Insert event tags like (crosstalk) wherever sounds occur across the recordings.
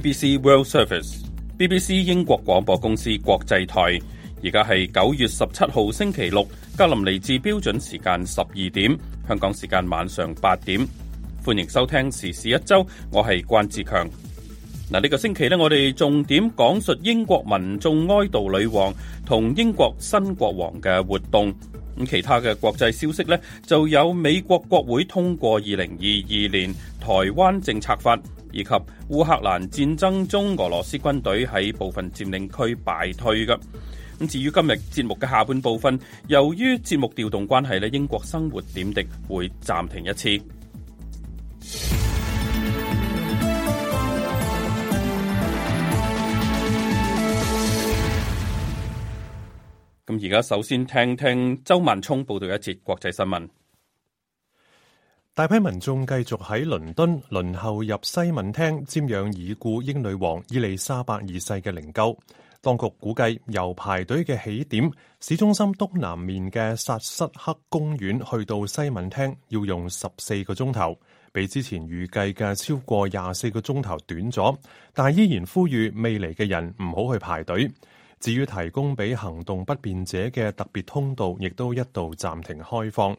BBC World Service，BBC 英國廣播公司國際台，而家係九月十七號星期六，格林尼治標準時間十二點，香港時間晚上八點，歡迎收聽時事一周，我係關志強。嗱，呢個星期咧，我哋重點講述英國民眾哀悼女王同英國新國王嘅活動。咁其他嘅國際消息咧，就有美國國會通過二零二二年台灣政策法。以及烏克蘭戰爭中俄羅斯軍隊喺部分佔領區敗退嘅。咁至於今日節目嘅下半部分，由於節目調動關係呢，英國生活點滴會暫停一次。咁而家首先聽聽周萬聰報道一節國際新聞。大批民眾繼續喺倫敦輪候入西敏廳瞻仰已故英女王伊麗莎白二世嘅靈柩。當局估計由排隊嘅起點市中心東南面嘅薩瑟克公園去到西敏廳要用十四個鐘頭，比之前預計嘅超過廿四個鐘頭短咗，但依然呼籲未嚟嘅人唔好去排隊。至於提供俾行動不便者嘅特別通道，亦都一度暫停開放。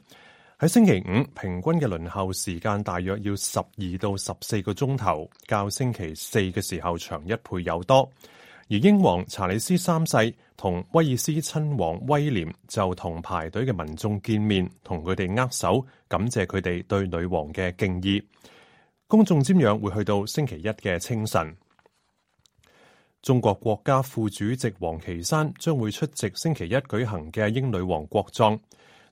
喺星期五平均嘅輪候時間大約要十二到十四個鐘頭，較星期四嘅時候長一倍有多。而英皇查理斯三世同威爾斯親王威廉就同排隊嘅民眾見面，同佢哋握手，感謝佢哋對女王嘅敬意。公眾瞻仰會去到星期一嘅清晨。中國國家副主席王岐山將會出席星期一舉行嘅英女王國葬。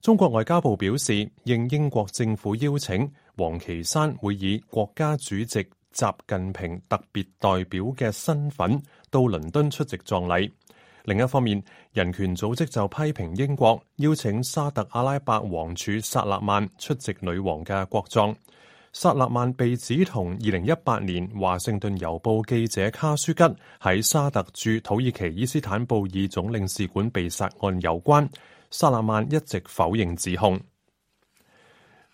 中國外交部表示，應英國政府邀請，王岐山會以國家主席習近平特別代表嘅身份到倫敦出席葬禮。另一方面，人權組織就批評英國邀請沙特阿拉伯王儲薩勒曼出席女王嘅國葬。薩勒曼被指同二零一八年華盛頓郵報記者卡舒吉喺沙特駐土耳其伊斯坦布爾總領事館被殺案有關。沙拉曼一直否認指控。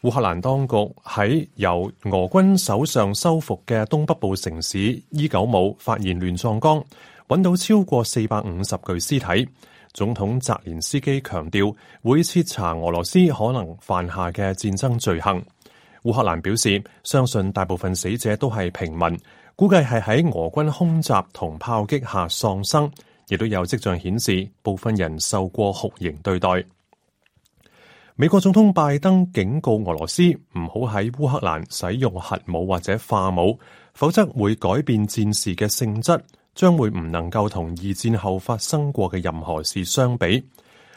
烏克蘭當局喺由俄軍手上收復嘅東北部城市伊久姆發現亂葬崗，揾到超過四百五十具屍體。總統澤連斯基強調會徹查俄羅斯可能犯下嘅戰爭罪行。烏克蘭表示相信大部分死者都係平民，估計係喺俄軍空襲同炮擊下喪生。亦都有跡象顯示，部分人受過酷刑對待。美國總統拜登警告俄羅斯唔好喺烏克蘭使用核武或者化武，否則會改變戰事嘅性質，將會唔能夠同二戰後發生過嘅任何事相比。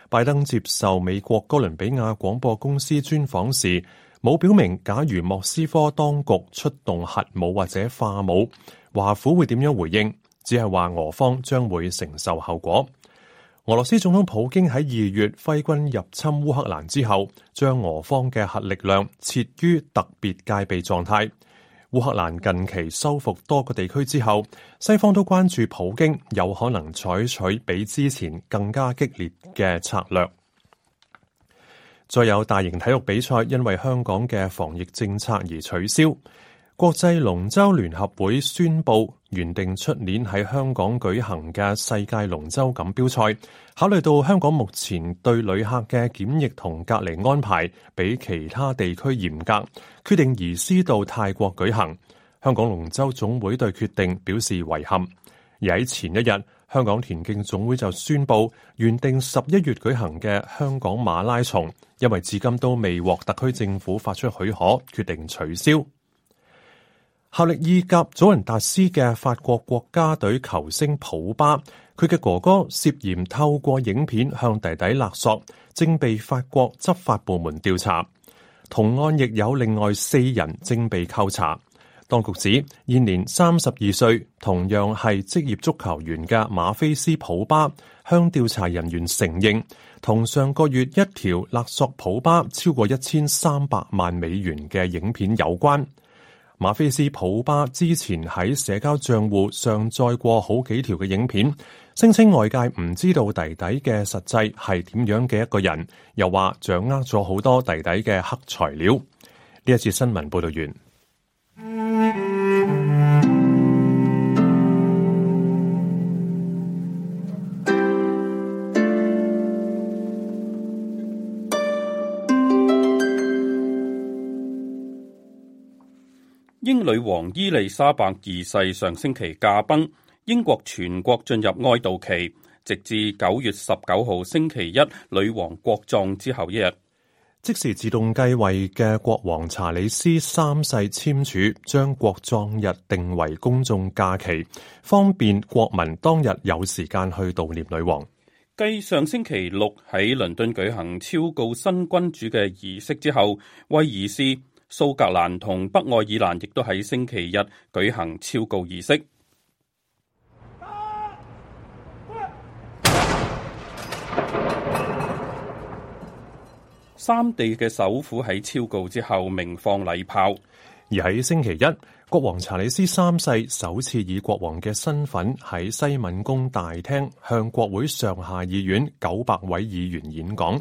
拜登接受美國哥倫比亞廣播公司專訪時，冇表明假如莫斯科當局出動核武或者化武，華府會點樣回應。只係話俄方將會承受後果。俄羅斯總統普京喺二月揮軍入侵烏克蘭之後，將俄方嘅核力量設於特別戒備狀態。烏克蘭近期收復多個地區之後，西方都關注普京有可能採取比之前更加激烈嘅策略。再有大型體育比賽因為香港嘅防疫政策而取消。國際龍舟聯合會宣佈，原定出年喺香港舉行嘅世界龍舟錦標賽，考慮到香港目前對旅客嘅檢疫同隔離安排比其他地區嚴格，決定移師到泰國舉行。香港龍舟總會對決定表示遺憾。而喺前一日，香港田徑總會就宣佈，原定十一月舉行嘅香港馬拉松，因為至今都未獲特區政府發出許可，決定取消。效力意甲祖雲達斯嘅法國國家隊球星普巴，佢嘅哥哥涉嫌透過影片向弟弟勒索，正被法國執法部門調查。同案亦有另外四人正被扣查。當局指，現年三十二歲，同樣係職業足球員嘅馬菲斯普巴，向調查人員承認，同上個月一條勒索普巴超過一千三百萬美元嘅影片有關。馬菲斯普巴之前喺社交賬戶上載過好幾條嘅影片，聲稱外界唔知道弟弟嘅實際係點樣嘅一個人，又話掌握咗好多弟弟嘅黑材料。呢一次新聞報道完。 (music) 英女王伊麗莎白二世上星期駕崩，英國全國進入哀悼期，直至九月十九號星期一，女王國葬之後一日，即時自動繼位嘅國王查理斯三世簽署，將國葬日定為公眾假期，方便國民當日有時間去悼念女王。繼上星期六喺倫敦舉行超告新君主嘅儀式之後，威爾斯，蘇格蘭同北愛爾蘭亦都喺星期日舉行超告儀式，三地嘅首府喺超告之後鳴放禮炮，而喺星期一，國王查理斯三世首次以國王嘅身份喺西敏宮大廳向國會上下議院九百位議員演講。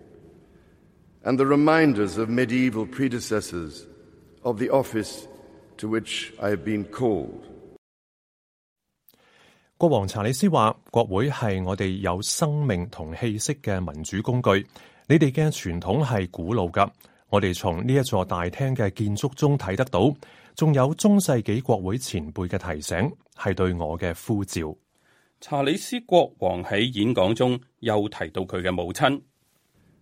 And the reminders of medieval predecessors of the office to which I have been called. 國王查理斯話，國會係我哋有生命同氣息嘅民主工具，你哋嘅傳統係古老噶，我哋從呢一座大廳嘅建築中睇得到，仲有中世紀國會前輩嘅提醒，係對我嘅呼召。查理斯國王喺演講中又提到佢嘅母親。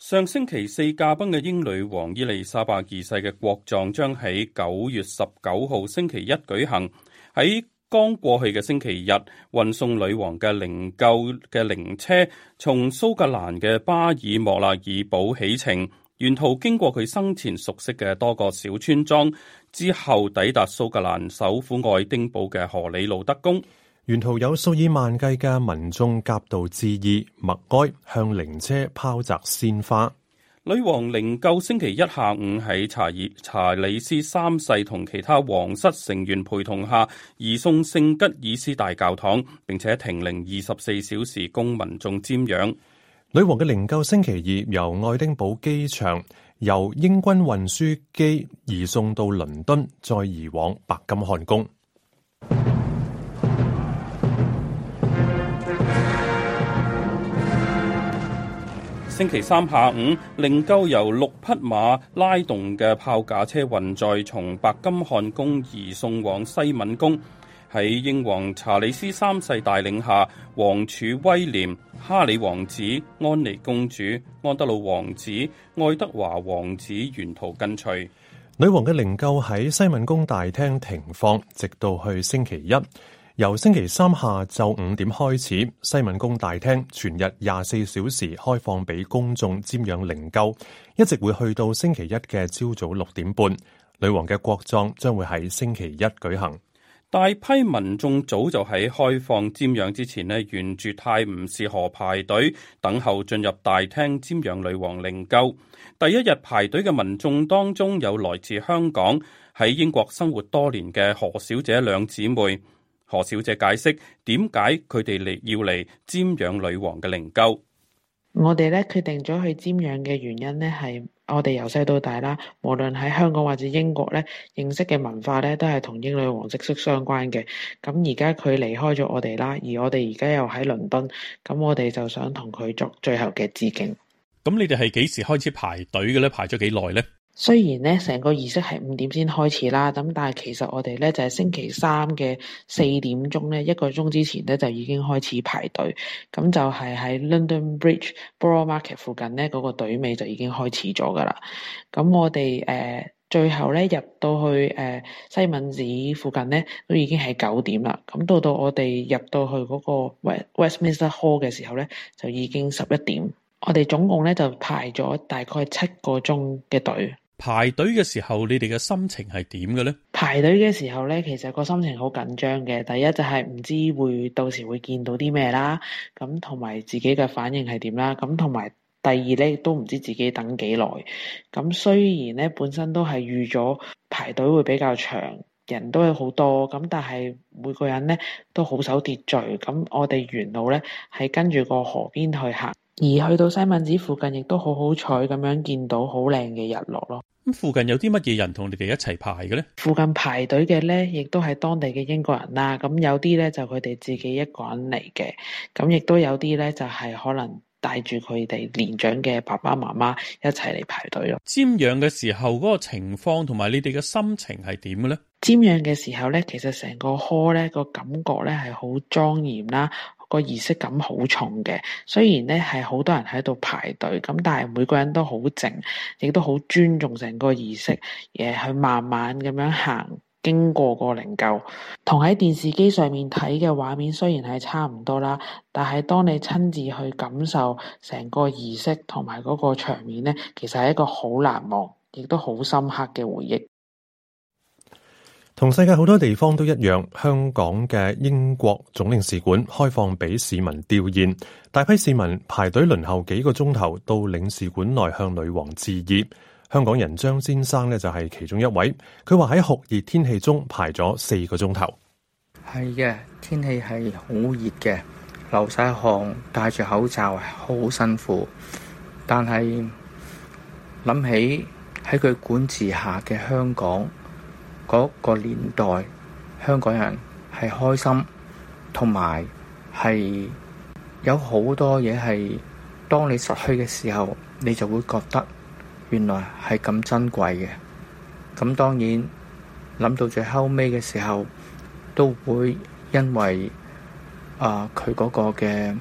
上星期四駕崩嘅英女王伊麗莎白二世嘅國葬將喺九月十九號星期一舉行。喺剛過去嘅星期日，運送女王嘅靈柩嘅靈車從蘇格蘭嘅巴爾莫納爾堡起程，沿途經過佢生前熟悉嘅多個小村莊，之後抵達蘇格蘭首府愛丁堡嘅荷里路德宮。沿途有數以萬計嘅民眾夾道致意默哀，向靈車拋擲鮮花。女王靈柩星期一下午喺查爾查理斯三世同其他皇室成員陪同下，移送聖吉爾斯大教堂，並且停靈二十四小時供民眾瞻仰。女王嘅靈柩星期二由愛丁堡機場，由英軍運輸機移送到倫敦，再移往白金漢宮。星期三下午，靈柩由六匹馬拉動嘅炮架車運載，從白金漢宮移送往西敏宮。喺英皇查理斯三世帶領下，王儲威廉、哈里王子、安妮公主、安德魯王子、愛德華王子沿途跟隨。女王嘅靈柩喺西敏宮大廳停放，直到去星期一。由星期三下晝五點開始，西敏宮大廳全日廿四小時開放俾公眾瞻仰靈柩，一直會去到星期一嘅朝早六點半。女王嘅國葬將會喺星期一舉行。大批民眾早就喺開放瞻仰之前呢，沿住泰晤士河排隊等候進入大廳瞻仰女王靈柩。第一日排隊嘅民眾當中，有來自香港喺英國生活多年嘅何小姐兩姊妹。何小姐解釋點解佢哋嚟要嚟瞻仰女王嘅靈柩。我哋咧決定咗去瞻仰嘅原因咧，係我哋由細到大啦，無論喺香港或者英國咧，認識嘅文化咧都係同英女王息息相關嘅。咁而家佢離開咗我哋啦，而我哋而家又喺倫敦，咁我哋就想同佢作最後嘅致敬。咁你哋係幾時開始排隊嘅咧？排咗幾耐咧？雖然咧成個儀式係五點先開始啦，咁但係其實我哋咧就係、是、星期三嘅四點鐘咧一個鐘之前咧就已經開始排隊，咁就係喺 London Bridge Borough Market 附近咧嗰、那個隊尾就已經開始咗噶啦。咁我哋誒、呃、最後咧入到去誒、呃、西敏寺附近咧都已經係九點啦。咁到到我哋入到去嗰個 Westminster Hall 嘅時候咧就已經十一點。我哋總共咧就排咗大概七個鐘嘅隊。排隊嘅時候，你哋嘅心情係點嘅咧？排隊嘅時候咧，其實個心情好緊張嘅。第一就係唔知會到時會見到啲咩啦，咁同埋自己嘅反應係點啦。咁同埋第二咧，都唔知自己等幾耐。咁雖然咧本身都係預咗排隊會比較長，人都係好多，咁但係每個人咧都好守秩序。咁我哋沿路咧係跟住個河邊去行。而去到西敏寺附近，亦都好好彩咁樣見到好靚嘅日落咯。咁附近有啲乜嘢人同你哋一齊排嘅咧？附近排隊嘅咧，亦都係當地嘅英國人啦。咁、嗯、有啲咧就佢哋自己一個人嚟嘅，咁、嗯、亦都有啲咧就係、是、可能帶住佢哋年長嘅爸爸媽媽一齊嚟排隊咯。瞻仰嘅時候嗰、那個情況同埋你哋嘅心情係點嘅咧？瞻仰嘅時候咧，其實成個呵咧個感覺咧係好莊嚴啦。個儀式感好重嘅，雖然咧係好多人喺度排隊，咁但係每個人都好靜，亦都好尊重成個儀式，而係佢慢慢咁樣行經過個靈柩。同喺電視機上面睇嘅畫面雖然係差唔多啦，但係當你親自去感受成個儀式同埋嗰個場面咧，其實係一個好難忘，亦都好深刻嘅回憶。同世界好多地方都一樣，香港嘅英國總領事館開放俾市民吊唁，大批市民排隊輪候幾個鐘頭到領事館內向女王致意。香港人張先生呢，就係其中一位，佢話喺酷熱天氣中排咗四個鐘頭。係嘅，天氣係好熱嘅，流晒汗，戴住口罩好辛苦。但係諗起喺佢管治下嘅香港。嗰個年代，香港人係開心，同埋係有好多嘢係，當你失去嘅時候，你就會覺得原來係咁珍貴嘅。咁當然諗到最後尾嘅時候，都會因為啊佢嗰個嘅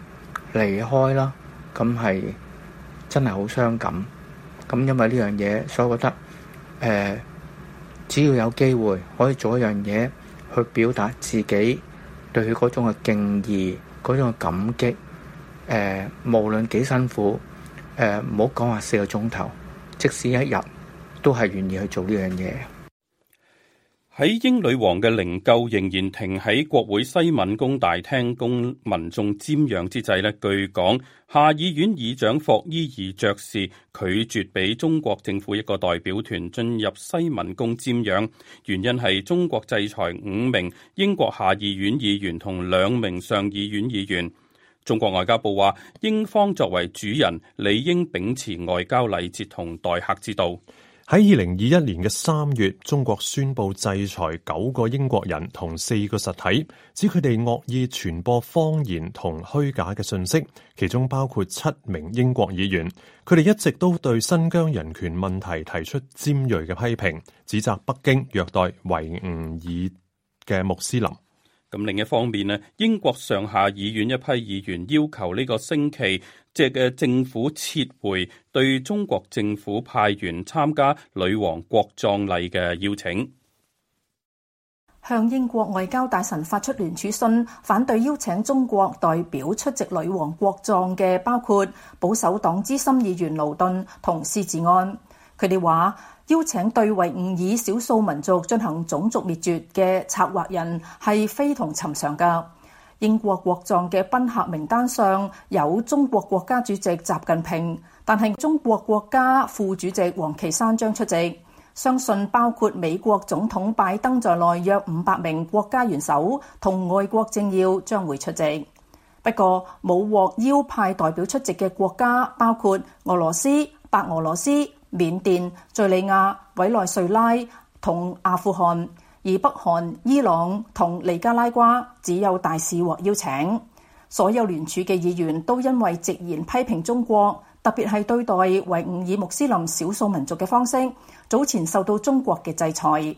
離開啦，咁係真係好傷感。咁因為呢樣嘢，所以我覺得誒。呃只要有機會可以做一樣嘢，去表達自己對佢嗰種嘅敬意、嗰種嘅感激。誒、呃、無論幾辛苦，誒，唔好講話四個鐘頭，即使一日，都係願意去做呢樣嘢。喺英女王嘅靈柩仍然停喺國會西敏宮大廳，供民眾瞻仰之際咧，據講，下議院議長霍伊爾爵士拒絕俾中國政府一個代表團進入西敏宮瞻仰，原因係中國制裁五名英國下議院議員同兩名上議院議員。中國外交部話，英方作為主人，理應秉持外交禮節同待客之道。喺二零二一年嘅三月，中國宣佈制裁九個英國人同四個實體，指佢哋惡意傳播謊言同虛假嘅信息，其中包括七名英國議員。佢哋一直都對新疆人權問題提出尖銳嘅批評，指責北京虐待維吾爾嘅穆斯林。咁另一方面咧，英國上下議院一批議員要求呢個星期。即嘅政府撤回對中國政府派員參加女王國葬禮嘅邀請，向英國外交大臣發出聯署信，反對邀請中國代表出席女王國葬嘅，包括保守黨資深議員勞頓同斯治安。佢哋話邀請對維吾爾少數民族進行種族滅絕嘅策劃人係非同尋常嘅。英國國葬嘅賓客名單上有中國國家主席習近平，但係中國國家副主席王岐山將出席。相信包括美國總統拜登在內約五百名國家元首同外國政要將會出席。不過，冇獲邀派代表出席嘅國家包括俄羅斯、白俄羅斯、緬甸、敘利亞、委內瑞拉同阿富汗。而北韓、伊朗同尼加拉瓜只有大使獲邀請，所有聯署嘅議員都因為直言批評中國，特別係對待維吾爾穆斯林少數民族嘅方式，早前受到中國嘅制裁。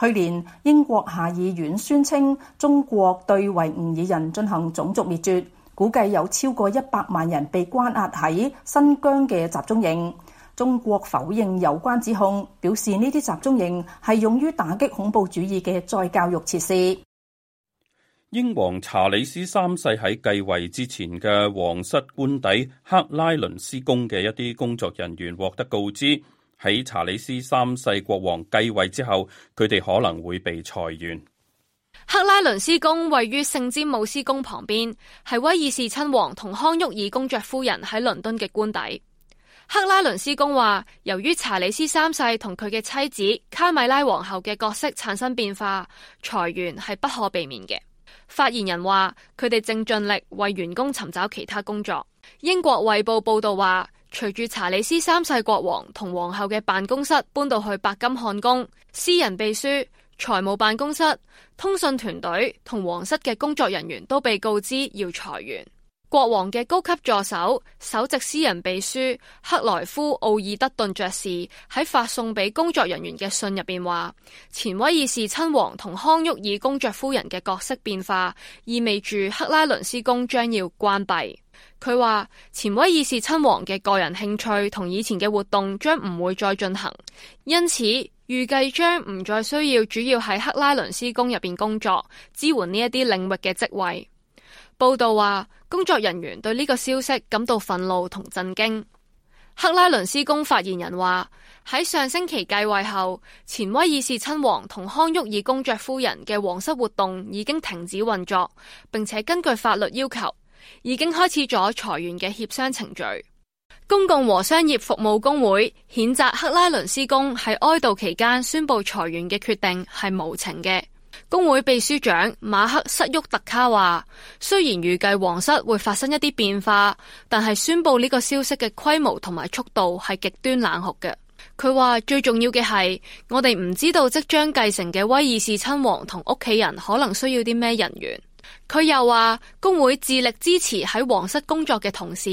去年英國下議院宣稱，中國對維吾爾人進行種族滅絕，估計有超過一百萬人被關押喺新疆嘅集中營。中國否認有關指控，表示呢啲集中營係用於打擊恐怖主義嘅再教育設施。英皇查理斯三世喺繼位之前嘅皇室官邸克拉倫斯宮嘅一啲工作人員獲得告知，喺查理斯三世國王繼位之後，佢哋可能會被裁員。克拉倫斯宮位於聖詹姆斯宮旁邊，係威爾士親王同康沃爾公爵夫人喺倫敦嘅官邸。克拉倫斯宮話，由於查理斯三世同佢嘅妻子卡米拉皇后嘅角色產生變化，裁員係不可避免嘅。發言人話，佢哋正盡力為員工尋找其他工作。英國衛報報道話隨住查理斯三世國王同皇后嘅辦公室搬到去白金漢宮，私人秘書、財務辦公室、通訊團隊同皇室嘅工作人員都被告知要裁員。國王嘅高級助手、首席私人秘書克萊夫·奧爾德頓爵士喺發送俾工作人員嘅信入邊話，前威爾士親王同康沃爾公爵夫人嘅角色變化，意味住克拉倫斯宮將要關閉。佢話，前威爾士親王嘅個人興趣同以前嘅活動將唔會再進行，因此預計將唔再需要主要喺克拉倫斯宮入邊工作支援呢一啲領域嘅職位。報道話，工作人員對呢個消息感到憤怒同震驚。克拉倫斯宮發言人話，喺上星期繼位後，前威爾士親王同康沃爾公爵夫人嘅皇室活動已經停止運作，並且根據法律要求，已經開始咗裁員嘅協商程序。公共和商業服務工會譴責克拉倫斯宮喺哀悼期間宣布裁員嘅決定係無情嘅。工會秘書長馬克·瑟沃特卡話：雖然預計皇室會發生一啲變化，但係宣布呢個消息嘅規模同埋速度係極端冷酷嘅。佢話最重要嘅係，我哋唔知道即將繼承嘅威爾士親王同屋企人可能需要啲咩人員。佢又話工會致力支持喺皇室工作嘅同事，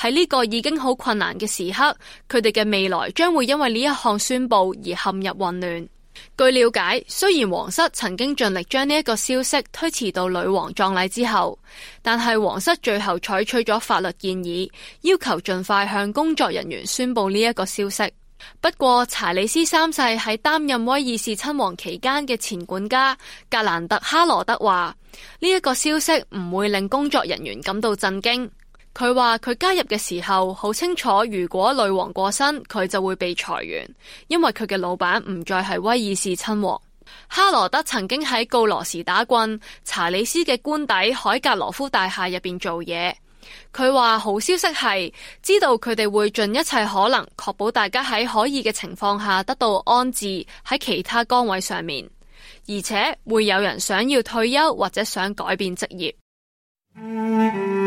喺呢個已經好困難嘅時刻，佢哋嘅未來將會因為呢一項宣布而陷入混亂。據了解，雖然皇室曾經盡力將呢一個消息推遲到女王葬禮之後，但係皇室最後採取咗法律建議，要求盡快向工作人員宣布呢一個消息。不過查理斯三世喺擔任威爾士親王期間嘅前管家格蘭特哈羅德話，呢一個消息唔會令工作人員感到震驚。佢話佢加入嘅時候好清楚，如果女王過身，佢就會被裁員，因為佢嘅老闆唔再係威爾士親王。哈羅德曾經喺告羅時打棍查理斯嘅官邸海格羅夫大廈入邊做嘢。佢話好消息係知道佢哋會盡一切可能確保大家喺可以嘅情況下得到安置喺其他崗位上面，而且會有人想要退休或者想改變職業。 (music)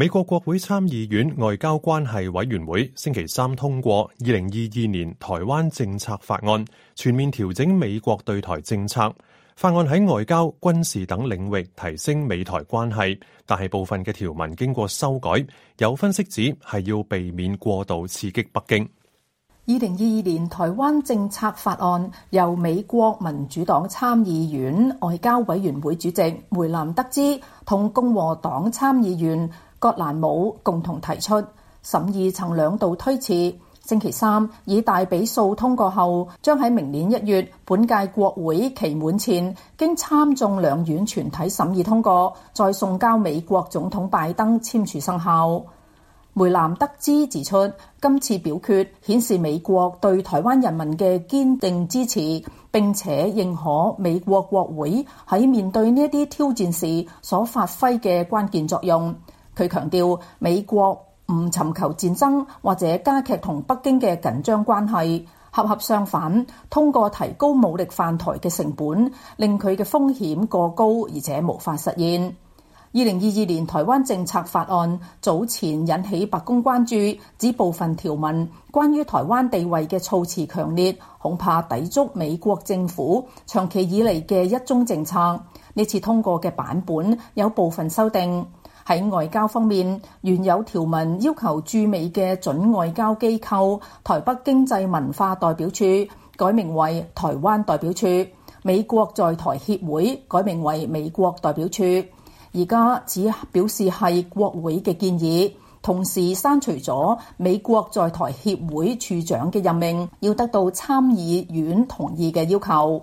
美國國會參議院外交關係委員會星期三通過二零二二年台灣政策法案，全面調整美國對台政策。法案喺外交、軍事等領域提升美台關係，但係部分嘅條文經過修改。有分析指係要避免過度刺激北京。二零二二年台灣政策法案由美國民主黨參議院外交委員會主席梅南德茲，同共和黨參議員。葛蘭姆共同提出審議，曾兩度推遲。星期三以大比數通過後，將喺明年一月本屆國會期滿前，經參眾兩院全體審議通過，再送交美國總統拜登簽署生效。梅南德茲指出，今次表決顯示美國對台灣人民嘅堅定支持，並且認可美國國會喺面對呢一啲挑戰時所發揮嘅關鍵作用。佢強調，美國唔尋求戰爭或者加劇同北京嘅緊張關係，恰恰相反，通過提高武力犯台嘅成本，令佢嘅風險過高，而且無法實現。二零二二年台灣政策法案早前引起白宮關注，指部分條文關於台灣地位嘅措辭強烈，恐怕抵觸美國政府長期以嚟嘅一中政策。呢次通過嘅版本有部分修訂。喺外交方面，原有條文要求駐美嘅準外交機構台北經濟文化代表處改名為台灣代表處，美國在台協會改名為美國代表處。而家只表示係國會嘅建議，同時刪除咗美國在台協會處長嘅任命，要得到參議院同意嘅要求。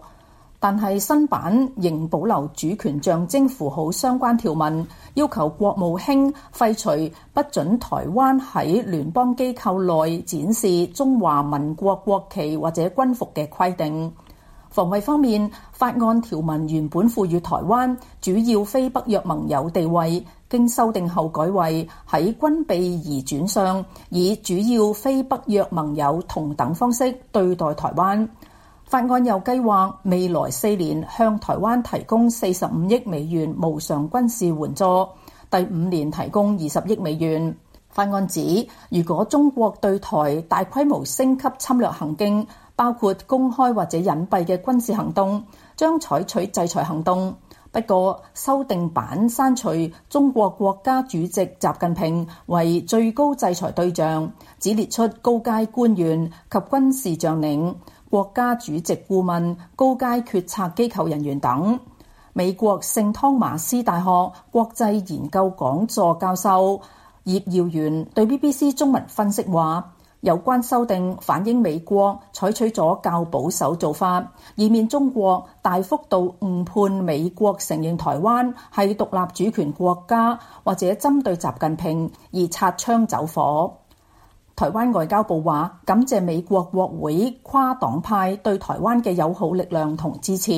但係新版仍保留主權象徵符號相關條文，要求國務卿廢除不准台灣喺聯邦機構內展示中華民國國旗或者軍服嘅規定。防衞方面，法案條文原本賦予台灣主要非北約盟友地位，經修訂後改為喺軍備移轉上，以主要非北約盟友同等方式對待台灣。法案又計劃未來四年向台灣提供四十五億美元無償軍事援助，第五年提供二十億美元。法案指，如果中國對台大規模升級侵略行徑，包括公開或者隱蔽嘅軍事行動，將採取制裁行動。不過，修訂版刪除中國國家主席習近平為最高制裁對象，只列出高階官員及軍事將領。國家主席顧問、高階決策機構人員等，美國聖湯馬斯大學國際研究講座教授葉耀元對 BBC 中文分析話：有關修訂反映美國採取咗較保守做法，以免中國大幅度誤判美國承認台灣係獨立主權國家，或者針對習近平而擦槍走火。台灣外交部話感謝美國國會跨黨派對台灣嘅友好力量同支持。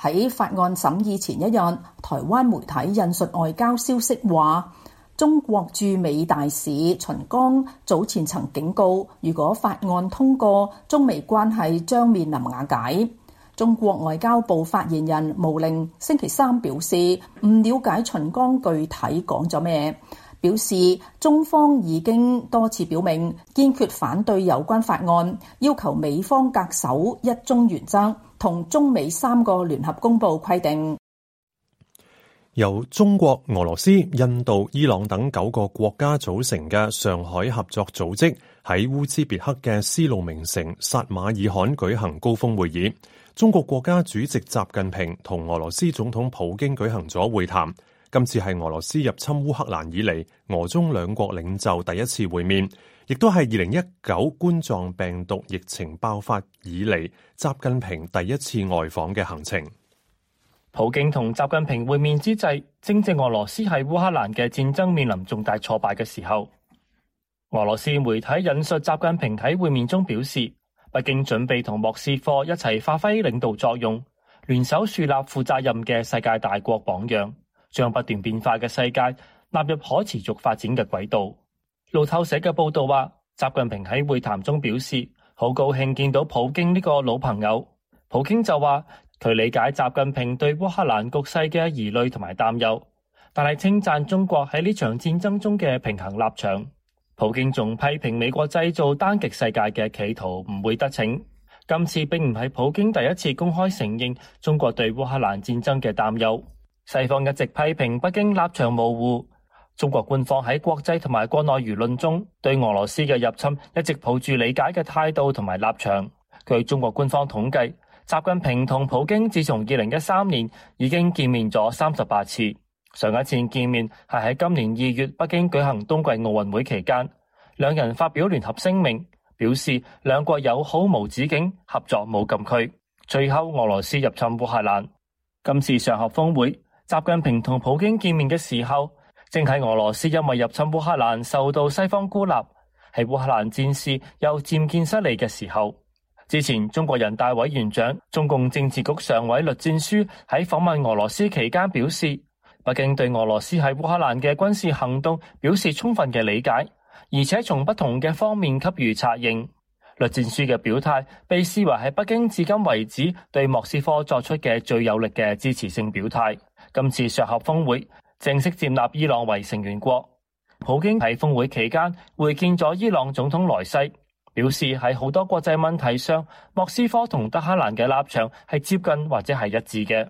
喺法案審議前一日，台灣媒體引述外交消息話，中國駐美大使秦剛早前曾警告，如果法案通過，中美關係將面臨瓦解。中國外交部發言人毛寧星期三表示，唔了解秦剛具體講咗咩。表示，中方已經多次表明堅決反對有關法案，要求美方恪守一中原則同中美三個聯合公報規定。由中國、俄羅斯、印度、伊朗等九個國家組成嘅上海合作組織喺烏茲別克嘅絲路名城撒馬爾罕舉行，舉行高峰會議。中國國家主席習近平同俄羅斯總統普京舉行咗會談。今次係俄羅斯入侵烏克蘭以嚟，俄中兩國領袖第一次會面，亦都係二零一九冠狀病毒疫情爆發以嚟，習近平第一次外訪嘅行程。普京同習近平會面之際，正值俄羅斯喺烏克蘭嘅戰爭面臨重大挫敗嘅時候。俄羅斯媒體引述習近平喺會面中表示，北京準備同莫斯科一齊發揮領導作用，聯手樹立負責任嘅世界大國榜樣，將不斷變化嘅世界納入可持續發展嘅軌道。路透社嘅報道話，習近平喺會談中表示好高興見到普京呢個老朋友。普京就話佢理解習近平對烏克蘭局勢嘅疑慮同埋擔憂，但係稱讚中國喺呢場戰爭中嘅平衡立場。普京仲批評美國製造單極世界嘅企圖唔會得逞。今次並唔係普京第一次公開承認中國對烏克蘭戰爭嘅擔憂。西方一直批評北京立場模糊。中國官方喺國際同埋國內輿論中對俄羅斯嘅入侵一直抱住理解嘅態度同埋立場。據中國官方統計，習近平同普京自從二零一三年已經見面咗三十八次。上一次見面係喺今年二月北京舉行冬季奧運會期間，兩人發表聯合聲明，表示兩國友好無止境，合作無禁區。最後俄羅斯入侵烏克蘭，今次上合峰會。習近平同普京見面嘅時候，正喺俄羅斯因為入侵烏克蘭受到西方孤立，係烏克蘭戰事又漸見失利嘅時候。之前，中國人大委員長、中共政治局常委栗戰書喺訪問俄羅斯期間表示，北京對俄羅斯喺烏克蘭嘅軍事行動表示充分嘅理解，而且從不同嘅方面給予策應。栗戰書嘅表態被視為喺北京至今為止對莫斯科作出嘅最有力嘅支持性表態。今次削合峰會正式接納伊朗為成員國。普京喺峰會期間會見咗伊朗總統萊西，表示喺好多國際問題上，莫斯科同德黑蘭嘅立場係接近或者係一致嘅。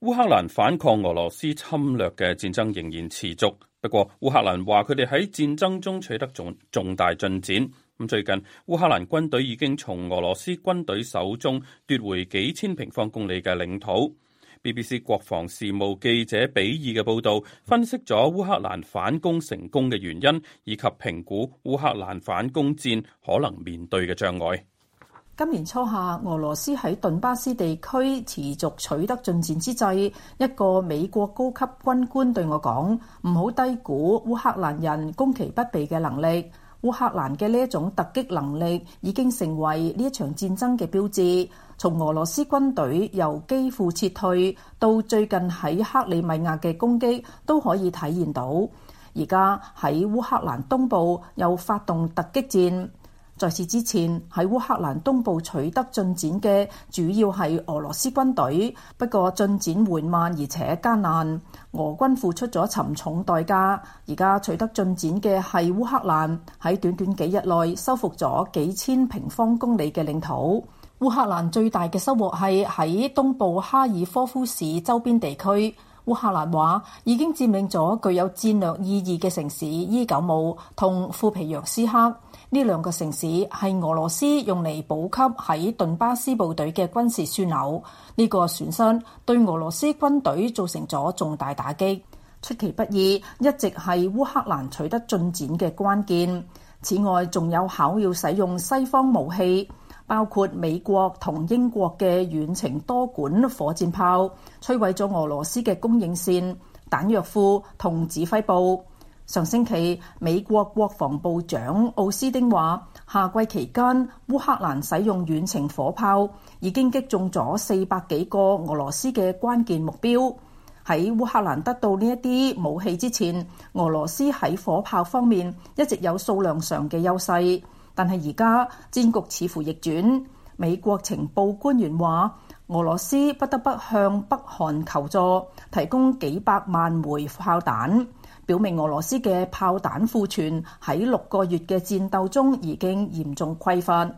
烏克蘭反抗俄羅斯侵略嘅戰爭仍然持續，不過烏克蘭話佢哋喺戰爭中取得重重大進展。咁最近，烏克蘭軍隊已經從俄羅斯軍隊手中奪回幾千平方公里嘅領土。BBC 國防事務記者比爾嘅報道分析咗烏克蘭反攻成功嘅原因，以及評估烏克蘭反攻戰可能面對嘅障礙。今年初夏，俄羅斯喺頓巴斯地區持續取得進戰之際，一個美國高級軍官對我講：唔好低估烏克蘭人攻其不備嘅能力。烏克蘭嘅呢一種突擊能力已經成為呢一場戰爭嘅標誌。從俄羅斯軍隊由基輔撤退到最近喺克里米亞嘅攻擊都可以體現到。而家喺烏克蘭東部又發動突擊戰，在此之前喺烏克蘭東部取得進展嘅主要係俄羅斯軍隊，不過進展緩慢而且艱難，俄軍付出咗沉重代價。而家取得進展嘅係烏克蘭喺短短幾日內收復咗幾千平方公里嘅領土。烏克蘭最大嘅收穫係喺東部哈爾科夫市周邊地區，烏克蘭話已經佔領咗具有戰略意義嘅城市伊九姆伊久姆同庫皮揚斯克。呢兩個城市係俄羅斯用嚟補給喺頓巴斯部隊嘅軍事樞紐，呢、這個損失對俄羅斯軍隊造成咗重大打擊，出其不意一直係烏克蘭取得進展嘅關鍵，此外，仲有考要使用西方武器。包括美國同英國嘅遠程多管火箭炮，摧毀咗俄羅斯嘅供應線、彈藥庫同指揮部。上星期美國國防部長奧斯丁話，夏季期間，烏克蘭使用遠程火炮已經擊中咗四百幾個俄羅斯嘅關鍵目標。喺烏克蘭得到呢一啲武器之前，俄羅斯喺火炮方面一直有數量上嘅優勢。但係而家戰局似乎逆轉。美國情報官員話，俄羅斯不得不向北韓求助，提供幾百萬枚炮彈，表明俄羅斯嘅炮彈庫存喺六個月嘅戰鬥中已經嚴重匱乏。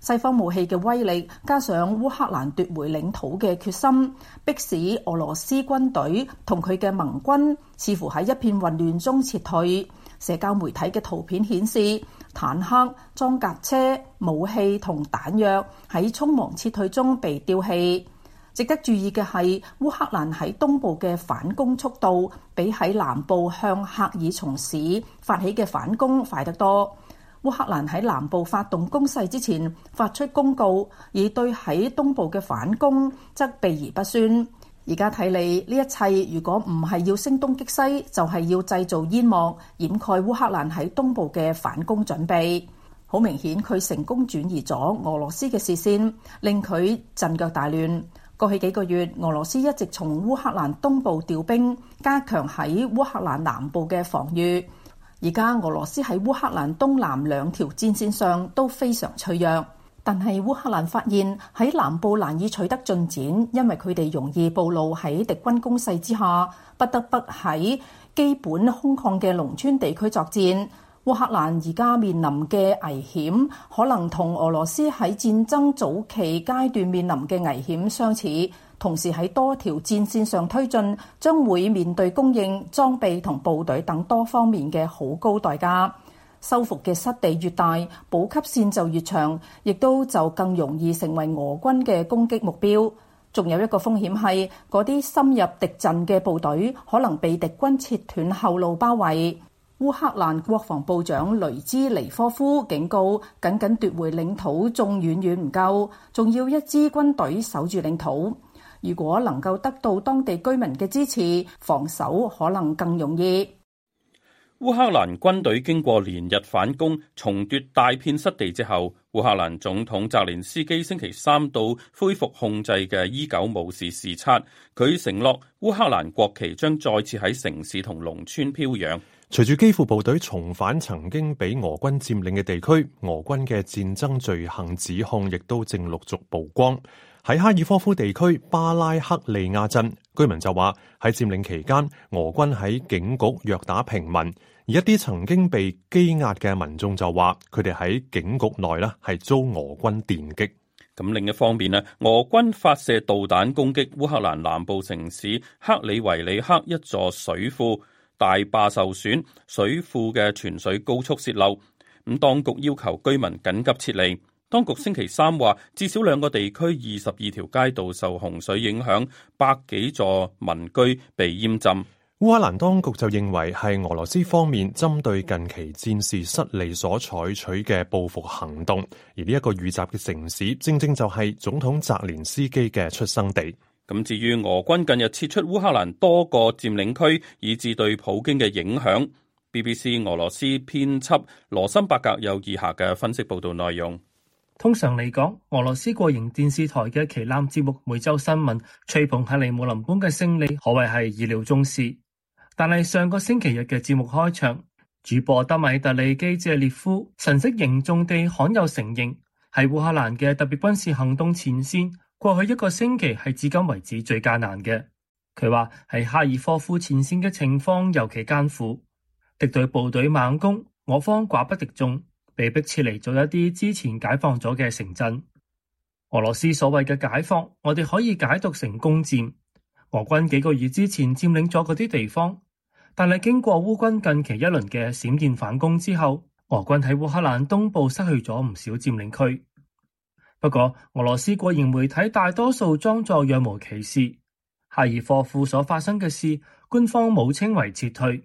西方武器嘅威力，加上烏克蘭奪回領土嘅決心，迫使俄羅斯軍隊同佢嘅盟軍似乎喺一片混亂中撤退。社交媒體嘅圖片顯示，坦克、裝甲車、武器同彈藥喺匆忙撤退中被丟棄。值得注意嘅係，烏克蘭喺東部嘅反攻速度比喺南部向赫爾松市發起嘅反攻快得多。烏克蘭喺南部發動攻勢之前發出公告，而對喺東部嘅反攻則避而不宣。而家睇嚟，呢一切如果唔係要聲東擊西，就係要製造煙幕掩蓋烏克蘭喺東部嘅反攻準備。好明顯，佢成功轉移咗俄羅斯嘅視線，令佢陣腳大亂。過去幾個月，俄羅斯一直從烏克蘭東部調兵，加強喺烏克蘭南部嘅防禦。而家俄羅斯喺烏克蘭東南兩條戰線上都非常脆弱。但係烏克蘭發現喺南部難以取得進展，因為佢哋容易暴露喺敵軍攻勢之下，不得不喺基本空曠嘅農村地區作戰。烏克蘭而家面臨嘅危險，可能同俄羅斯喺戰爭早期階段面臨嘅危險相似。同時，喺多條戰線上推進，將會面對供應、裝備同部隊等多方面嘅好高代價。收復嘅失地越大，補給線就越長，亦都就更容易成為俄軍嘅攻擊目標。仲有一個風險係嗰啲深入敵陣嘅部隊可能被敵軍切斷後路包圍。烏克蘭國防部長雷茲尼科夫警告，僅僅奪回領土仲遠遠唔夠，仲要一支軍隊守住領土。如果能夠得到當地居民嘅支持，防守可能更容易。烏克蘭軍隊經過連日反攻，重奪大片失地之後，烏克蘭總統澤連斯基星期三到恢復控制嘅伊久姆市視察。佢承諾烏克蘭國旗將再次喺城市同農村飄揚。隨住基輔部隊重返曾經俾俄軍佔領嘅地區，俄軍嘅戰爭罪行指控亦都正陸續曝光。喺哈爾科夫地區巴拉克利亞鎮，居民就話喺佔領期間，俄軍喺警局虐打平民。而一啲曾經被羈押嘅民眾就話，佢哋喺警局內呢係遭俄軍電擊。咁另一方面呢，俄軍發射導彈攻擊烏克蘭南部城市克里維里克一座水庫大壩受損，水庫嘅泉水高速洩漏。咁當局要求居民緊急撤離。當局星期三話，至少兩個地區二十二條街道受洪水影響，百幾座民居被淹浸。烏克蘭當局就認為係俄羅斯方面針對近期戰事失利所採取嘅報復行動，而呢一個遇襲嘅城市，正正就係總統澤連斯基嘅出生地。咁至於俄軍近日撤出烏克蘭多個佔領區，以致對普京嘅影響，BBC 俄羅斯編輯羅森伯格有以下嘅分析報道內容。通常嚟講，俄羅斯國營電視台嘅旗艦節目《每周新聞》吹捧克里姆林宮嘅勝利，可謂係意料中事。但係上個星期日嘅節目開場，主播德米特里基謝列夫神色凝重地罕有承認，係烏克蘭嘅特別軍事行動前綫過去一個星期係至今為止最艱難嘅。佢話係哈爾科夫前綫嘅情況尤其艱苦，敵對部隊猛攻，我方寡不敵眾，被迫撤離咗一啲之前解放咗嘅城鎮。俄羅斯所謂嘅解放，我哋可以解讀成攻佔。俄軍幾個月之前佔領咗嗰啲地方，但係經過烏軍近期一輪嘅閃電反攻之後，俄軍喺烏克蘭東部失去咗唔少佔領區。不過俄羅斯國營媒體大多數裝作若無其事，哈爾科夫所發生嘅事，官方冇稱為撤退。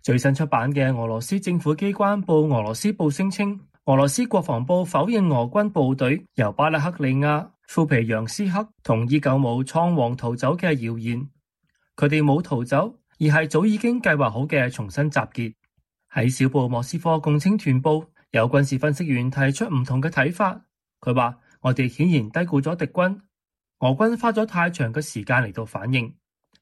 最新出版嘅俄羅斯政府機關報《俄羅斯報》聲稱，俄羅斯國防部否認俄軍部隊由巴拉克利亞。富皮楊斯克同伊久姆倉皇逃走嘅謠言，佢哋冇逃走，而係早已經計劃好嘅重新集結。喺小布莫斯科共青團報有軍事分析員提出唔同嘅睇法，佢話我哋顯然低估咗敵軍，俄軍花咗太長嘅時間嚟到反應，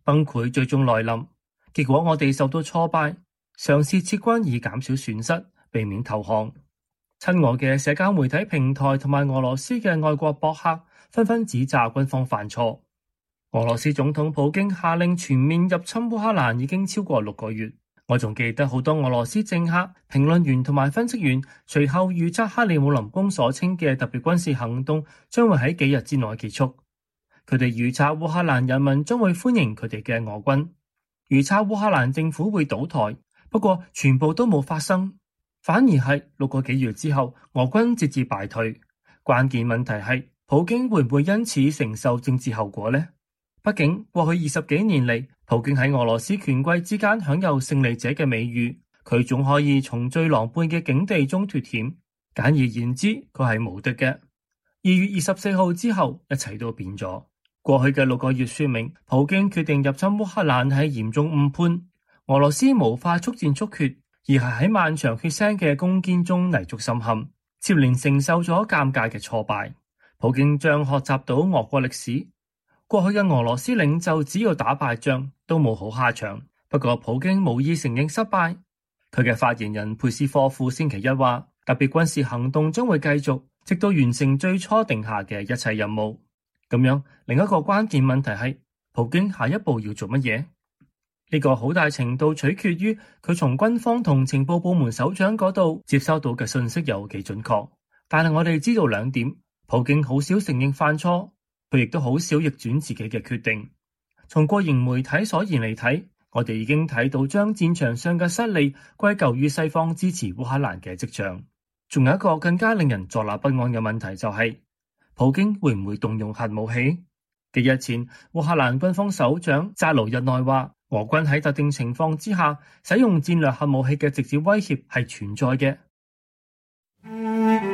崩潰最終來臨，結果我哋受到挫敗，嘗試撤軍以減少損失，避免投降。親俄嘅社交媒體平台同埋俄羅斯嘅外國博客，紛紛指責軍方犯錯。俄羅斯總統普京下令全面入侵烏克蘭已經超過六個月。我仲記得好多俄羅斯政客、評論員同埋分析員隨後預測，克里姆林宮所稱嘅特別軍事行動將會喺幾日之內結束。佢哋預測烏克蘭人民將會歡迎佢哋嘅俄軍，預測烏克蘭政府會倒台。不過，全部都冇發生，反而係六個幾月之後，俄軍節節敗退。關鍵問題係。普京會唔會因此承受政治後果呢？畢竟過去二十幾年嚟，普京喺俄羅斯權貴之間享有勝利者嘅美譽，佢總可以從最狼狽嘅境地中脫險。簡而言之，佢係無敵嘅。二月二十四號之後，一切都變咗。過去嘅六個月說明，普京決定入侵烏克蘭係嚴重誤判，俄羅斯無法速戰速決，而係喺漫長血腥嘅攻堅中泥足深陷，接連承受咗尷尬嘅挫敗。普京將學習到俄國歷史，過去嘅俄羅斯領袖只要打敗仗都冇好下場。不過普京無意承認失敗，佢嘅發言人佩斯科夫星期一話，特別軍事行動將會繼續，直到完成最初定下嘅一切任務。咁樣另一個關鍵問題係普京下一步要做乜嘢？呢個好大程度取決於佢從軍方同情報部門首長嗰度接收到嘅信息有幾準確。但係我哋知道兩點。普京好少承認犯錯，佢亦都好少逆轉自己嘅決定。從國營媒體所言嚟睇，我哋已經睇到將戰場上嘅失利歸咎於西方支持烏克蘭嘅跡象。仲有一個更加令人坐立不安嘅問題就係、是，普京會唔會動用核武器？幾日前，烏克蘭軍方首長扎盧日內話，俄軍喺特定情況之下使用戰略核武器嘅直接威脅係存在嘅。 (noise)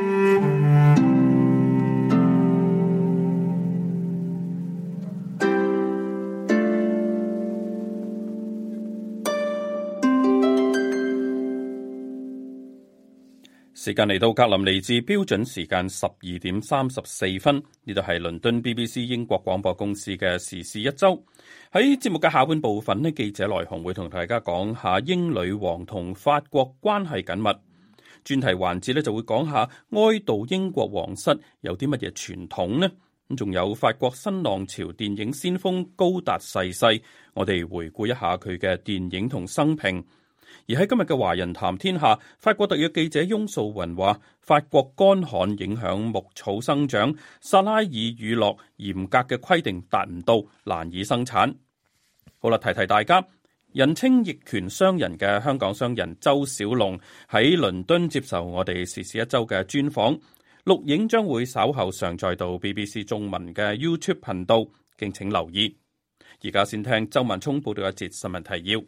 時間嚟到格林尼治標準時間十二點三十四分，呢度係倫敦 BBC 英國廣播公司嘅時事一周。喺節目嘅下半部分，呢記者來鴻會同大家講下英女王同法國關係緊密。專題環節呢，就會講下哀悼英國皇室有啲乜嘢傳統呢，咁仲有法國新浪潮電影先鋒高達逝世，世，我哋回顧一下佢嘅電影同生平。而喺今日嘅華人談天下，法國特約記者翁素雲話：法國乾旱影響牧草生長，沙拉爾乳酪嚴格嘅規定達唔到，難以生產。好啦，提提大家，人稱逆權商人嘅香港商人周小龍喺倫敦接受我哋時事一周嘅專訪，錄影將會稍後上載到 BBC 中文嘅 YouTube 頻道，敬請留意。而家先聽周文沖報道一節新聞提要。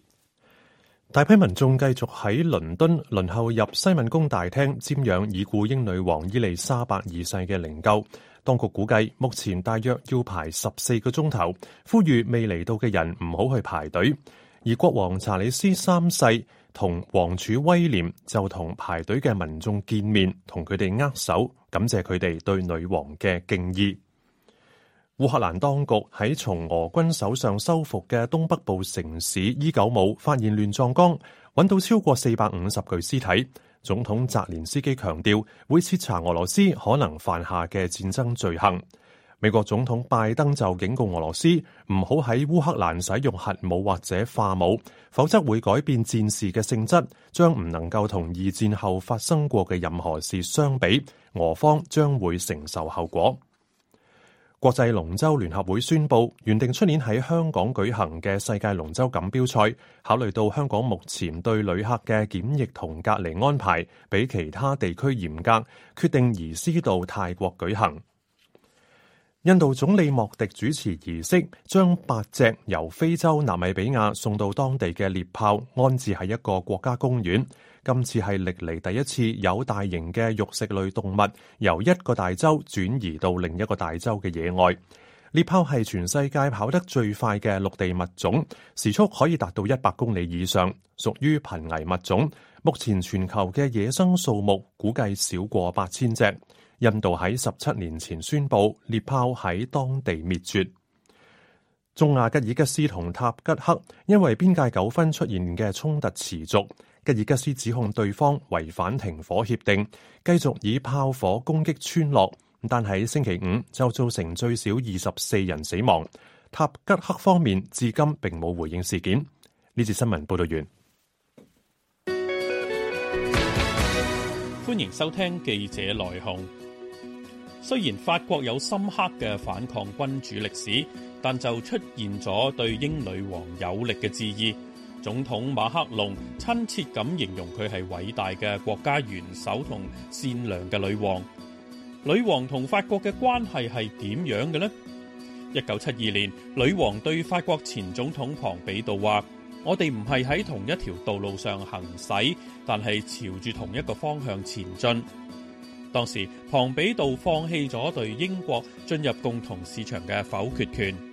大批民眾繼續喺倫敦輪候入西敏宮大廳瞻仰已故英女王伊麗莎白二世嘅靈柩，當局估計目前大約要排十四個鐘頭，呼籲未嚟到嘅人唔好去排隊。而國王查理斯三世同王儲威廉就同排隊嘅民眾見面，同佢哋握手，感謝佢哋對女王嘅敬意。烏克蘭當局喺從俄軍手上收復嘅東北部城市伊久姆發現亂葬崗，揾到超過四百五十具屍體。總統澤連斯基強調，會徹查俄羅斯可能犯下嘅戰爭罪行。美國總統拜登就警告俄羅斯，唔好喺烏克蘭使用核武或者化武，否則會改變戰事嘅性質，將唔能夠同二戰後發生過嘅任何事相比。俄方將會承受後果。國際龍舟聯合會宣布，原定出年喺香港舉行嘅世界龍舟錦標賽，考慮到香港目前對旅客嘅檢疫同隔離安排比其他地區嚴格，決定移師到泰國舉行。印度總理莫迪主持儀式，將八隻由非洲納米比亞送到當地嘅獵豹安置喺一個國家公園。今次係歷嚟第一次有大型嘅肉食類動物由一個大洲轉移到另一個大洲嘅野外。獵豹係全世界跑得最快嘅陸地物種，時速可以達到一百公里以上，屬於瀕危物種。目前全球嘅野生數目估計少過八千隻。印度喺十七年前宣布獵豹喺當地滅絕。中亞吉爾吉斯同塔吉克因為邊界糾紛出現嘅衝突持續，吉爾吉斯指控對方違反停火協定，繼續以炮火攻擊村落，但喺星期五就造成最少二十四人死亡。塔吉克方面至今並冇回應事件。呢節新聞報道完，歡迎收聽記者來鴻。雖然法國有深刻嘅反抗君主歷史。但就出現咗對英女王有力嘅質疑，總統馬克龍親切咁形容佢係偉大嘅國家元首同善良嘅女王。女王同法國嘅關係係點樣嘅呢？一九七二年，女王對法國前總統龐比度話：「我哋唔係喺同一條道路上行駛，但係朝住同一個方向前進。當時龐比度放棄咗對英國進入共同市場嘅否決權。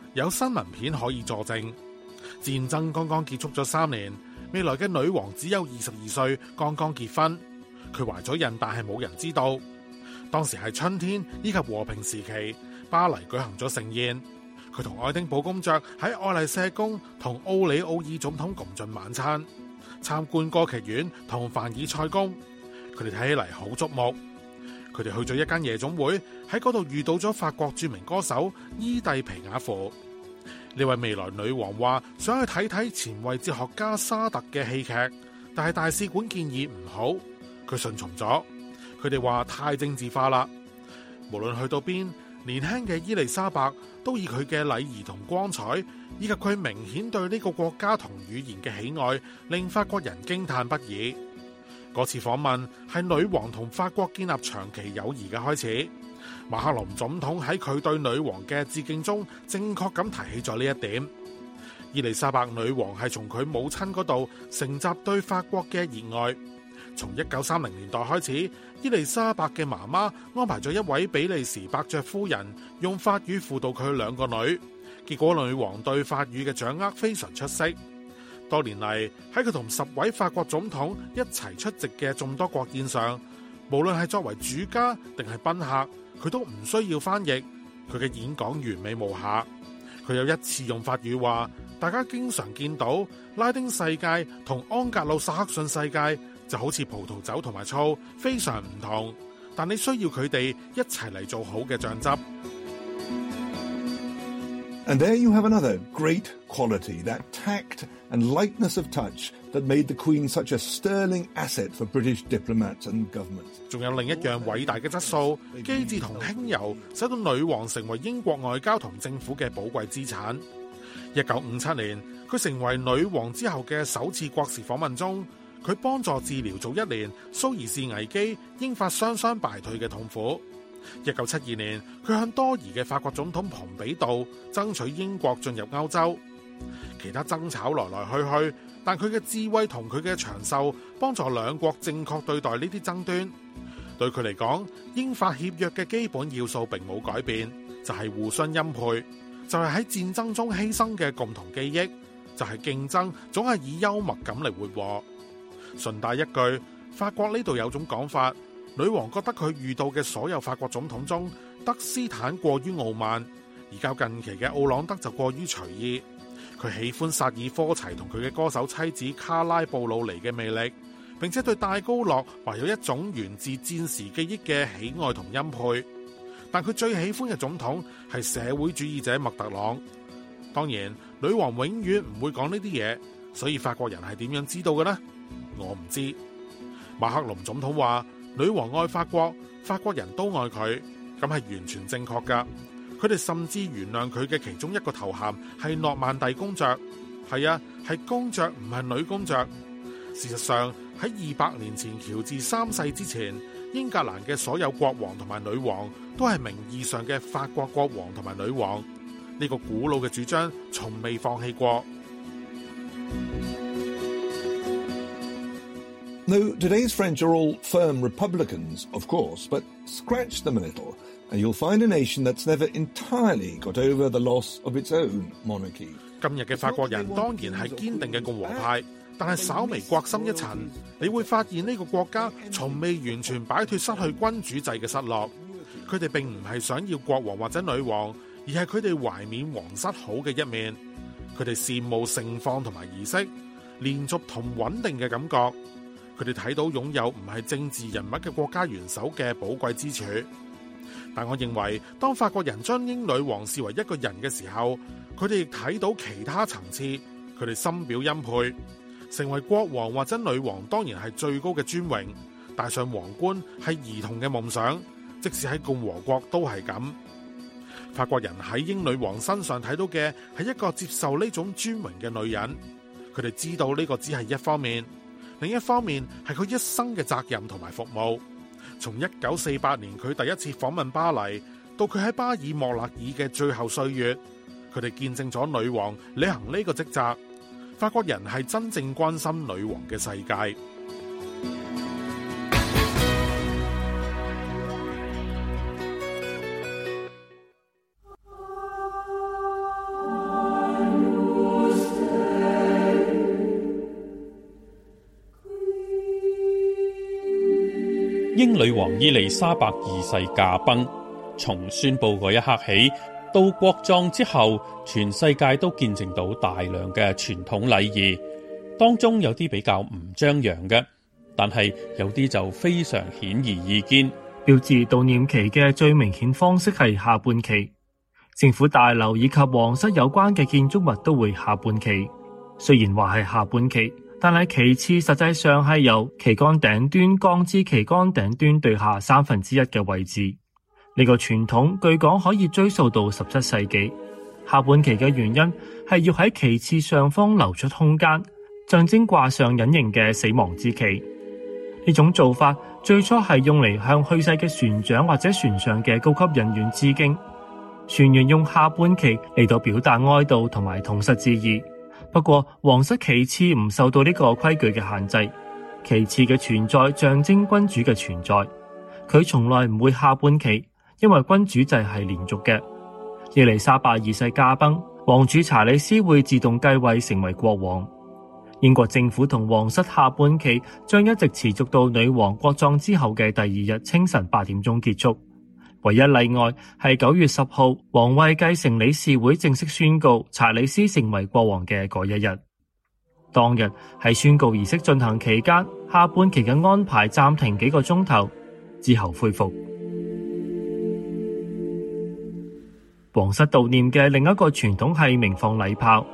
有新聞片可以佐證，戰爭剛剛結束咗三年，未來嘅女王只有二十二歲，剛剛結婚，佢懷咗孕，但係冇人知道。當時係春天，以及和平時期，巴黎舉行咗盛宴，佢同愛丁堡公爵喺愛麗舍宮同奧里奧爾總統共進晚餐，參觀歌劇院同凡爾賽宮，佢哋睇起嚟好矚目。佢哋去咗一間夜總會，喺嗰度遇到咗法國著名歌手伊蒂皮雅芙。呢位未來女王話想去睇睇前衛哲學家沙特嘅戲劇，但係大使館建議唔好，佢順從咗。佢哋話太政治化啦。無論去到邊，年輕嘅伊麗莎白都以佢嘅禮儀同光彩，以及佢明顯對呢個國家同語言嘅喜愛，令法國人驚嘆不已。嗰次訪問係女王同法國建立長期友誼嘅開始。馬克龍總統喺佢對女王嘅致敬中，正確咁提起咗呢一點。伊麗莎白女王係從佢母親嗰度承襲對法國嘅熱愛。從一九三零年代開始，伊麗莎白嘅媽媽安排咗一位比利時伯爵夫人用法語輔導佢兩個女，結果女王對法語嘅掌握非常出色。多年嚟喺佢同十位法國總統一齊出席嘅眾多國宴上，無論係作為主家定係賓客，佢都唔需要翻譯。佢嘅演講完美無瑕。佢有一次用法語話：大家經常見到拉丁世界同安格魯撒克遜世界就好似葡萄酒同埋醋非常唔同，但你需要佢哋一齊嚟做好嘅醬汁。And there you have another great quality, that tact. 仲有另一樣偉大嘅質素，They 機智同輕柔，使到女王成為英國外交同政府嘅寶貴資產。一九五七年，佢成為女王之後嘅首次國事訪問中，佢幫助治療早一年蘇伊士危機，英法雙雙敗退嘅痛苦。一九七二年，佢向多疑嘅法國總統蓬比度爭取英國進入歐洲。其他爭吵來來去去，但佢嘅智慧同佢嘅長壽幫助兩國正確對待呢啲爭端。對佢嚟講，英法協約嘅基本要素並冇改變，就係、是、互相欽佩，就係、是、喺戰爭中犧牲嘅共同記憶，就係、是、競爭總係以幽默感嚟活和。話順帶一句，法國呢度有種講法，女王覺得佢遇到嘅所有法國總統中，德斯坦過於傲慢，而較近期嘅奧朗德就過於隨意。佢喜歡薩爾科齊同佢嘅歌手妻子卡拉布魯尼嘅魅力，並且對戴高樂懷有一種源自戰時記憶嘅喜愛同欽佩。但佢最喜歡嘅總統係社會主義者麥特朗。當然，女王永遠唔會講呢啲嘢，所以法國人係點樣知道嘅呢？我唔知。馬克龍總統話：女王愛法國，法國人都愛佢，咁係完全正確噶。佢哋甚至原諒佢嘅其中一個頭銜係諾曼第公爵，係啊，係公爵唔係女公爵。事實上喺二百年前喬治三世之前，英格蘭嘅所有國王同埋女王都係名義上嘅法國國王同埋女王。呢個古老嘅主張從未放棄過。Now today's French are all firm Republicans, of course, but scratch them a little. 今日嘅法國人當然係堅定嘅共和派，但係稍微刮心一層，你會發現呢個國家從未完全擺脫失去君主制嘅失落。佢哋並唔係想要國王或者女王，而係佢哋懷緬皇室好嘅一面。佢哋羨慕盛況同埋儀式，連續同穩定嘅感覺。佢哋睇到擁有唔係政治人物嘅國家元首嘅寶貴之處。但我認為，當法國人將英女王視為一個人嘅時候，佢哋亦睇到其他層次，佢哋深表欽佩。成為國王或者女王，當然係最高嘅尊榮。戴上皇冠係兒童嘅夢想，即使喺共和國都係咁。法國人喺英女王身上睇到嘅係一個接受呢種尊榮嘅女人。佢哋知道呢個只係一方面，另一方面係佢一生嘅責任同埋服務。從一九四八年，佢第一次訪問巴黎，到佢喺巴爾莫勒爾嘅最後歲月，佢哋見證咗女王履行呢個職責。法國人係真正關心女王嘅世界。女王伊利沙伯二世駕崩，從宣布嗰一刻起到國葬之後，全世界都見證到大量嘅傳統禮儀，當中有啲比較唔張揚嘅，但係有啲就非常顯而易見。標誌悼念期嘅最明顯方式係下半旗，政府大樓以及皇室有關嘅建築物都會下半旗。雖然話係下半旗。但係其次，實際上係由旗杆頂端降至旗杆頂端對下三分之一嘅位置。呢、這個傳統據講可以追溯到十七世紀。下半旗嘅原因係要喺旗幟上方留出空間，象徵掛上隱形嘅死亡之旗。呢種做法最初係用嚟向去世嘅船長或者船上嘅高級人員致敬。船員用下半旗嚟到表達哀悼同埋痛失之意。不過皇室旗幟唔受到呢個規矩嘅限制，旗幟嘅存在象徵君主嘅存在，佢從來唔會下半旗，因為君主制係連續嘅。伊麗莎白二世駕崩，王主查理斯會自動繼位成為國王。英國政府同皇室下半旗將一直持續到女王國葬之後嘅第二日清晨八點鐘結束。唯一例外係九月十號，王位繼承理事會正式宣告查理斯成為國王嘅嗰一日。當日喺宣告儀式進行期間，下半期嘅安排暫停幾個鐘頭，之後恢復。皇室悼念嘅另一個傳統係鳴放禮炮。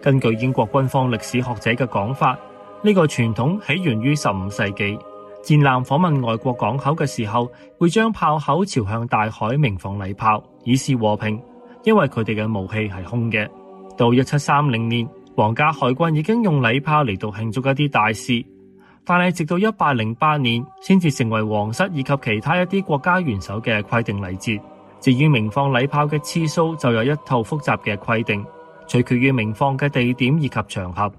根據英國軍方歷史學者嘅講法，呢個傳統起源於十五世紀。戰艦訪問外國港口嘅時候，會將炮口朝向大海鳴放禮炮，以示和平。因為佢哋嘅武器係空嘅。到一七三零年，皇家海軍已經用禮炮嚟到慶祝一啲大事，但係直到一八零八年先至成為皇室以及其他一啲國家元首嘅規定禮節。至於鳴放禮炮嘅次數，就有一套複雜嘅規定，取決於鳴放嘅地點以及場合。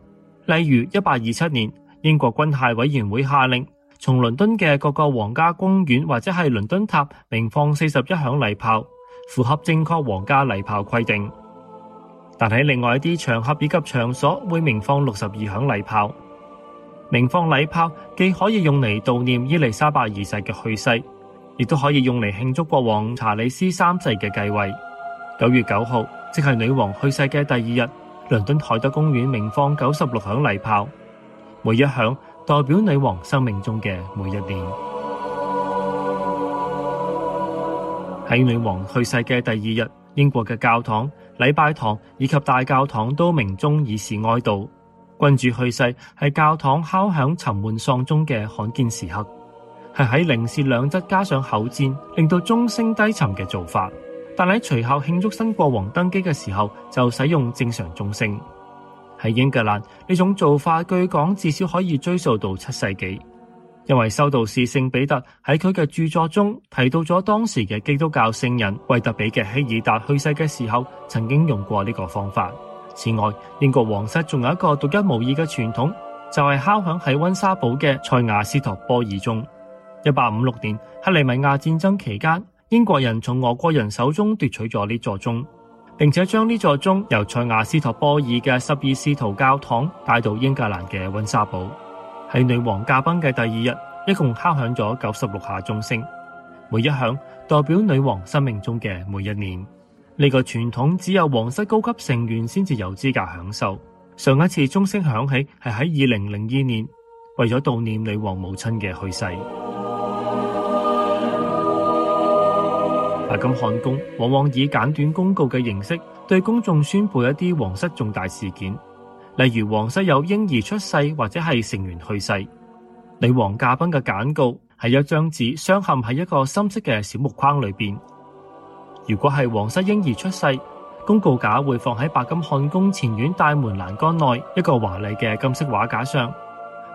例如一八二七年，英國軍械委員會下令。從倫敦嘅各個皇家公園或者係倫敦塔鳴放四十一響禮炮，符合正確皇家禮炮規定。但喺另外一啲場合以及場所會鳴放六十二響禮炮。鳴放禮炮既可以用嚟悼念伊麗莎白二世嘅去世，亦都可以用嚟慶祝國王查理斯三世嘅繼位。九月九號，即係女王去世嘅第二日，倫敦海德公園鳴放九十六響禮炮，每一響。代表女王生命中嘅每一年，喺 (music) 女王去世嘅第二日，英國嘅教堂、禮拜堂以及大教堂都鳴鐘以示哀悼。君主去世係教堂敲響沉悶喪鐘嘅罕見時刻，係喺鈴舌兩側加上口氈，令到鐘聲低沉嘅做法。但喺隨後慶祝新國王登基嘅時候，就使用正常鐘聲。喺英格蘭，呢種做法，據講至少可以追溯到七世紀，因為修道士聖彼特喺佢嘅著作中提到咗當時嘅基督教聖人惠特比嘅希爾達去世嘅時候，曾經用過呢個方法。此外，英國皇室仲有一個獨一無二嘅傳統，就係、是、敲響喺溫莎堡嘅塞瓦斯托波爾鐘。一八五六年克里米亞戰爭期間，英國人從俄國人手中奪取咗呢座鐘。並且將呢座鐘由塞亞斯托波爾嘅十二使徒教堂帶到英格蘭嘅溫莎堡。喺女王駕崩嘅第二日，一共敲響咗九十六下鐘聲，每一響代表女王生命中嘅每一年。呢、這個傳統只有皇室高級成員先至有資格享受。上一次鐘聲響起係喺二零零二年，為咗悼念女王母親嘅去世。白金漢宮往往以簡短公告嘅形式對公眾宣布，一啲皇室重大事件，例如皇室有嬰兒出世或者係成員去世。女王駕崩嘅簡告係一張紙，鑲嵌喺一個深色嘅小木框裏邊。如果係皇室嬰兒出世，公告架會放喺白金漢宮前院大門欄杆內一個華麗嘅金色畫架上，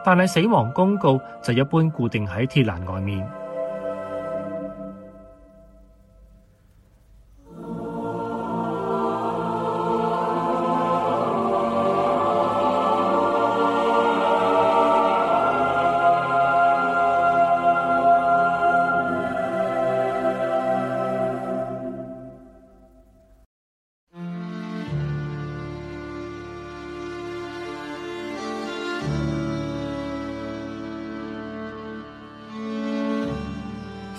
但係死亡公告就一般固定喺鐵欄外面。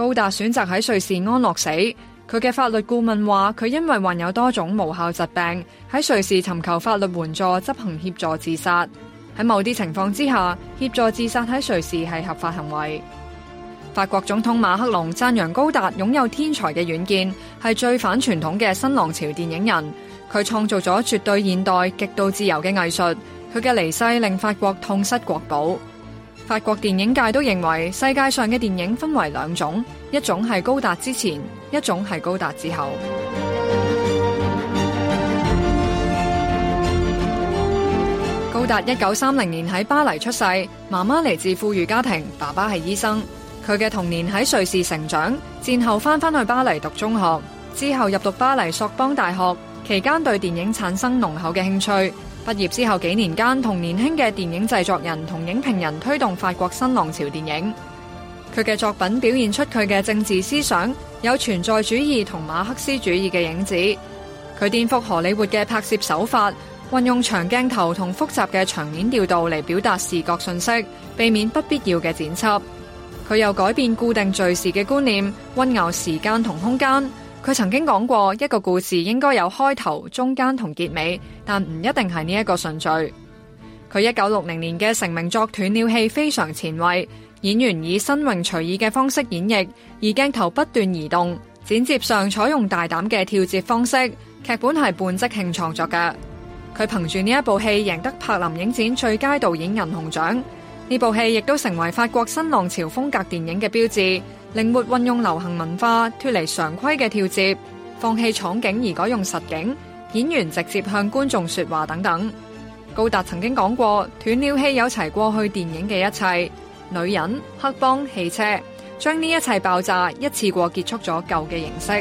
高達選擇喺瑞士安樂死，佢嘅法律顧問話佢因為患有多種無效疾病，喺瑞士尋求法律援助執行協助自殺。喺某啲情況之下，協助自殺喺瑞士係合法行為。法國總統馬克龍讚揚高達擁有天才嘅遠見，係最反傳統嘅新浪潮電影人。佢創造咗絕對現代、極度自由嘅藝術。佢嘅離世令法國痛失國寶。法國電影界都認為，世界上嘅電影分為兩種，一種係高達之前，一種係高達之後。高達一九三零年喺巴黎出世，媽媽嚟自富裕家庭，爸爸係醫生。佢嘅童年喺瑞士成長，戰後翻返去巴黎讀中學，之後入讀巴黎索邦大學，期間對電影產生濃厚嘅興趣。畢業之後幾年間，同年輕嘅電影製作人同影評人推動法國新浪潮電影。佢嘅作品表現出佢嘅政治思想，有存在主義同馬克思主義嘅影子。佢顛覆荷里活嘅拍攝手法，運用長鏡頭同複雜嘅場面調度嚟表達視覺信息，避免不必要嘅剪輯。佢又改變固定敘事嘅觀念，溫熬時間同空間。佢曾經講過，一個故事應該有開頭、中間同結尾，但唔一定係呢一個順序。佢一九六零年嘅成名作《斷了氣》非常前衛，演員以新穎隨意嘅方式演繹，而鏡頭不斷移動，剪接上採用大膽嘅跳接方式。劇本係半即興創作㗎。佢憑住呢一部戲贏得柏林影展最佳導演銀熊獎。呢部戲亦都成為法國新浪潮風格電影嘅標誌。靈活運用流行文化，脫離常規嘅跳接，放棄廠景而改用實景，演員直接向觀眾說話等等。高達曾經講過，斷了氣有齊過去電影嘅一切，女人、黑幫、汽車，將呢一切爆炸一次過結束咗舊嘅形式。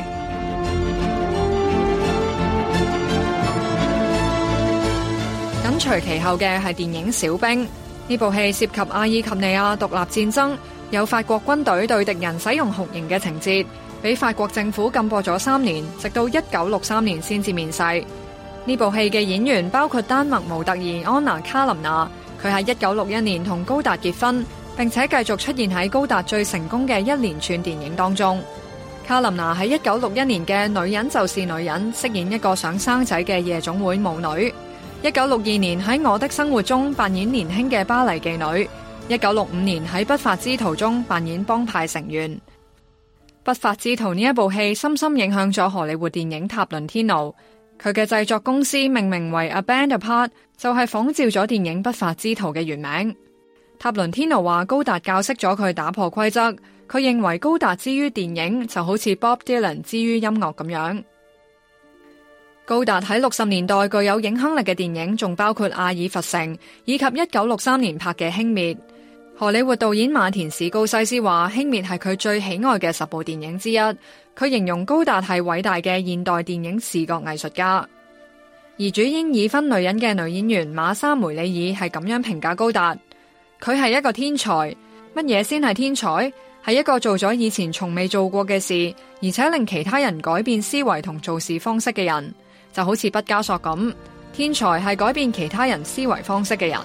緊隨其後嘅係電影《小兵》，呢部戲涉及阿爾及利亞獨立戰爭。有法國軍隊對敵人使用酷刑嘅情節，俾法國政府禁播咗三年，直到一九六三年先至面世。呢部戲嘅演員包括丹麥模特兒安娜卡琳娜，佢喺一九六一年同高達結婚，並且繼續出現喺高達最成功嘅一連串電影當中。卡琳娜喺一九六一年嘅《女人就是女人》飾演一個想生仔嘅夜總會舞女，一九六二年喺《我的生活中》扮演年輕嘅巴黎妓女。一九六五年喺《不法之徒》中扮演幫派成員，《不法之徒》呢一部戲深深影響咗荷里活電影《塔倫天奴》。佢嘅製作公司命名為 A Band Apart，就係仿照咗電影《不法之徒》嘅原名。塔倫天奴話高達教識咗佢打破規則，佢認為高達之於電影就好似 Bob Dylan 之於音樂咁樣。高達喺六十年代具有影響力嘅電影，仲包括《阿爾弗城》以及一九六三年拍嘅《輕蔑》。荷里活導演馬田史高西斯話：《輕蔑》係佢最喜愛嘅十部電影之一。佢形容高達係偉大嘅現代電影視覺藝術家。而主演《已婚女人》嘅女演員馬莎梅里爾係咁樣評價高達：佢係一個天才。乜嘢先係天才？係一個做咗以前從未做過嘅事，而且令其他人改變思維同做事方式嘅人。就好似畢加索咁，天才係改變其他人思維方式嘅人。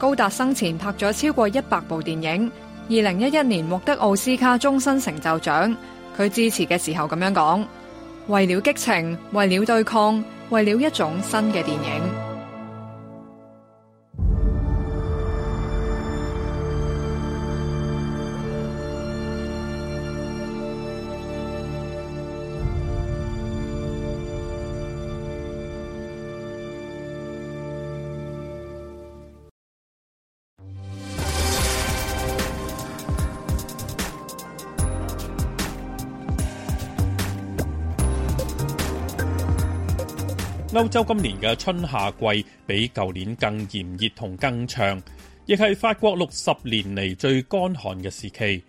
高達生前拍咗超過一百部電影，二零一一年獲得奧斯卡終身成就獎。佢致辭嘅時候咁樣講：為了激情，為了對抗，為了一種新嘅電影。歐洲今年嘅春夏季比舊年更炎熱同更長，亦係法國六十年嚟最乾旱嘅時期。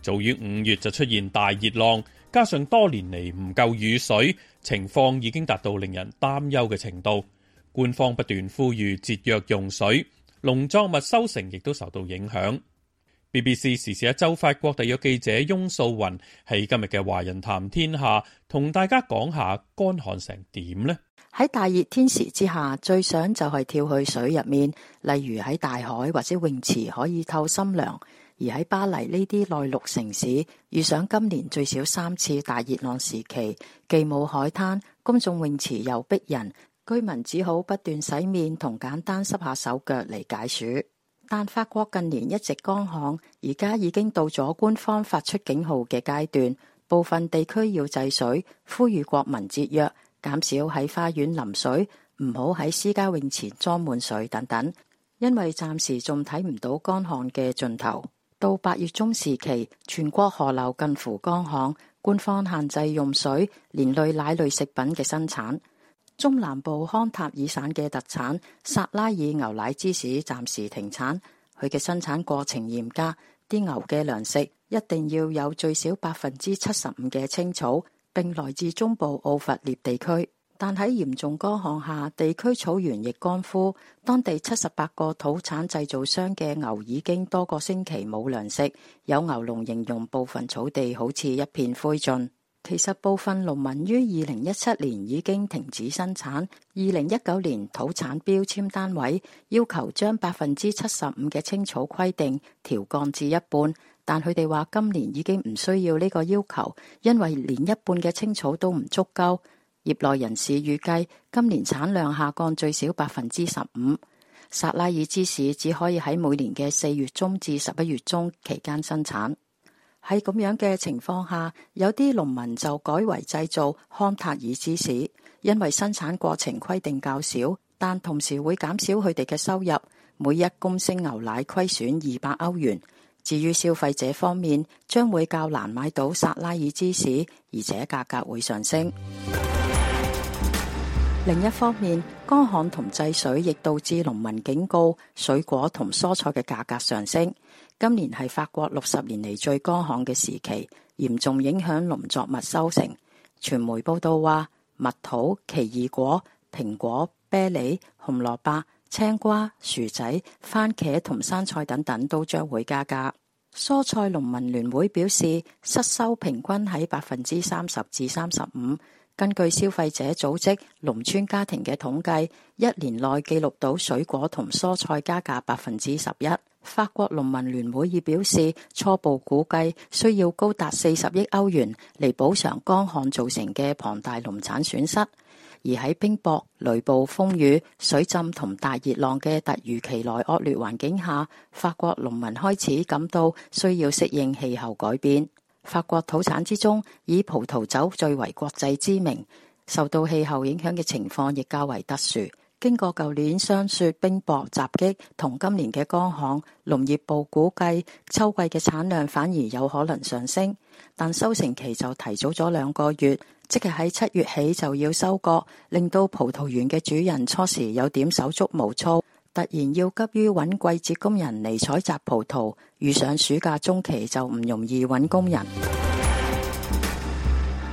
早於五月就出現大熱浪，加上多年嚟唔夠雨水，情況已經達到令人擔憂嘅程度。官方不斷呼籲節約用水，農作物收成亦都受到影響。B B C 時事一周法國地約記者翁素云喺今日嘅華人談天下同大家講下乾旱成點呢？喺大熱天時之下，最想就係跳去水入面，例如喺大海或者泳池可以透心涼。而喺巴黎呢啲內陸城市，遇上今年最少三次大熱浪時期，既冇海灘，公眾泳池又逼人，居民只好不斷洗面同簡單濕下手腳嚟解暑。但法國近年一直乾旱，而家已經到咗官方發出警號嘅階段，部分地區要制水，呼籲國民節約，減少喺花園淋水，唔好喺私家泳池裝滿水等等。因為暫時仲睇唔到乾旱嘅盡頭。到八月中時期，全國河流近乎乾旱，官方限制用水，連累奶類食品嘅生產。中南部康塔爾省嘅特產薩拉爾牛奶芝士暫時停產，佢嘅生產過程嚴格，啲牛嘅糧食一定要有最少百分之七十五嘅青草，並來自中部奧弗涅地區。但喺嚴重乾旱下，地區草原亦乾枯，當地七十八個土產製造商嘅牛已經多個星期冇糧食，有牛農形容部分草地好似一片灰燼。其實部分農民於二零一七年已經停止生產，二零一九年土產標籤單位要求將百分之七十五嘅青草規定調降至一半，但佢哋話今年已經唔需要呢個要求，因為連一半嘅青草都唔足夠。業內人士預計今年產量下降最少百分之十五，薩拉爾芝士只可以喺每年嘅四月中至十一月中期間生產。喺咁樣嘅情況下，有啲農民就改為製造康塔爾芝士，因為生產過程規定較少，但同時會減少佢哋嘅收入。每一公升牛奶虧損二百歐元。至於消費者方面，將會較難買到薩拉爾芝士，而且價格會上升。另一方面，乾旱同制水亦導致農民警告水果同蔬菜嘅價格上升。今年係法國六十年嚟最乾旱嘅時期，嚴重影響農作物收成。傳媒報道話，蜜桃、奇異果、蘋果、啤梨、紅蘿蔔、青瓜、薯仔、番茄同生菜等等都將會加價。蔬菜農民聯會表示，失收平均喺百分之三十至三十五。根據消費者組織農村家庭嘅統計，一年內記錄到水果同蔬菜加價百分之十一。法國農民聯會已表示，初步估計需要高達四十億歐元嚟補償乾旱造成嘅龐大農產損失。而喺冰雹、雷暴、風雨、水浸同大熱浪嘅突如其來惡劣環境下，法國農民開始感到需要適應氣候改變。法國土產之中，以葡萄酒最為國際知名，受到氣候影響嘅情況亦較為特殊。經過舊年霜雪冰雹襲擊，同今年嘅乾旱，農業部估計秋季嘅產量反而有可能上升，但收成期就提早咗兩個月，即係喺七月起就要收割，令到葡萄園嘅主人初時有點手足無措。突然要急於揾季節工人嚟採摘葡萄，遇上暑假中期就唔容易揾工人。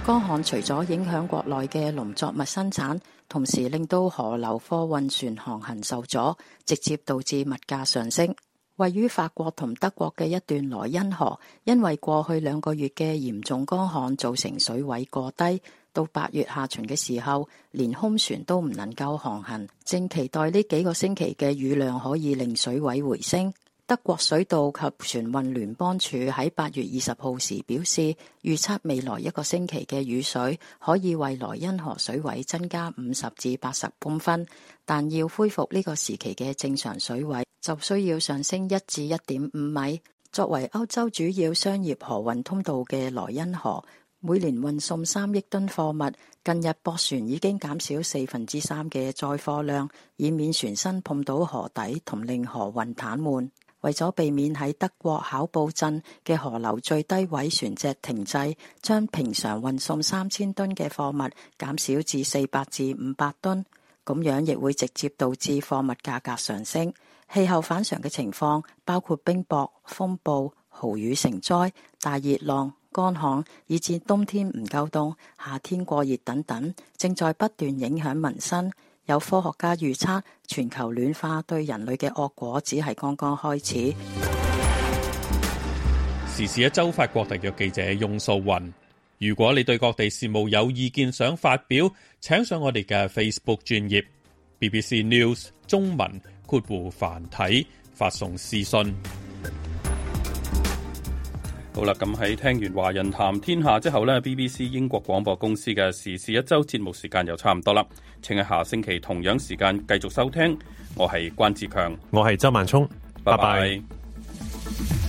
乾旱除咗影響國內嘅農作物生產，同時令到河流貨運船航行受阻，直接導致物價上升。位於法國同德國嘅一段萊茵河，因為過去兩個月嘅嚴重乾旱造成水位過低，到八月下旬嘅時候，連空船都唔能夠航行。正期待呢幾個星期嘅雨量可以令水位回升。德國水道及船運聯邦處喺八月二十號時表示，預測未來一個星期嘅雨水可以為萊茵河水位增加五十至八十公分，但要恢復呢個時期嘅正常水位，就需要上升一至一點五米。作為歐洲主要商業河運通道嘅萊茵河，每年運送三億噸貨物。近日駁船已經減少四分之三嘅載貨量，以免船身碰到河底同令河運癱瘓。為咗避免喺德國考布鎮嘅河流最低位船隻停滯，將平常運送三千噸嘅貨物減少至四百至五百噸，咁樣亦會直接導致貨物價格上升。氣候反常嘅情況包括冰雹、風暴、豪雨成災、大熱浪、乾旱，以至冬天唔夠凍、夏天過熱等等，正在不斷影響民生。有科學家預測，全球暖化對人類嘅惡果只係剛剛開始。時事一周，法國特約記者雍素雲。如果你對各地事務有意見想發表，請上我哋嘅 Facebook 專頁 BBC News 中文。括弧繁體發送私信。好啦，咁喺聽完華人談天下之後呢 BBC 英國廣播公司嘅時事一周節目時間又差唔多啦。請喺下星期同樣時間繼續收聽。我係關志強，我係周萬聰，拜拜。